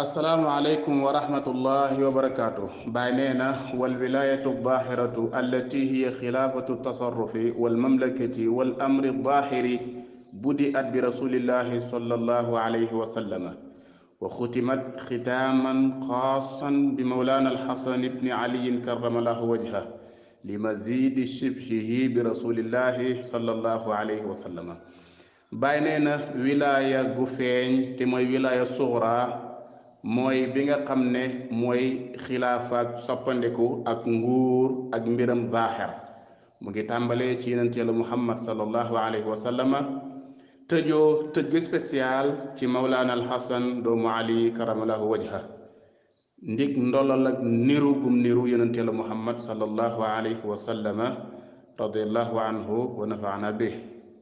السلام عليكم ورحمة الله وبركاته بيننا والولاية الظاهرة التي هي خلافة التصرف والمملكة والأمر الظاهر بدأت برسول الله صلى الله عليه وسلم وختمت ختاما خاصا بمولانا الحسن بن علي كرم الله وجهه لمزيد شبهه برسول الله صلى الله عليه وسلم بيننا ولاية غفين تما ولاية صغرى moy bi nga xamne moy mooy sopandeku ak nguur ak mbiram zahir mu ngi tambale ci yonent yàlla muhammad sallallahu alayhi wa sallam tejo tëj spécial ci maulana al-hasan do mu ali karamalahu wajha ndik ndolal ak niru gum niru yonent yàlla muhammad sallallahu alayhi wa sallam radiyallahu anhu wa nafaana bih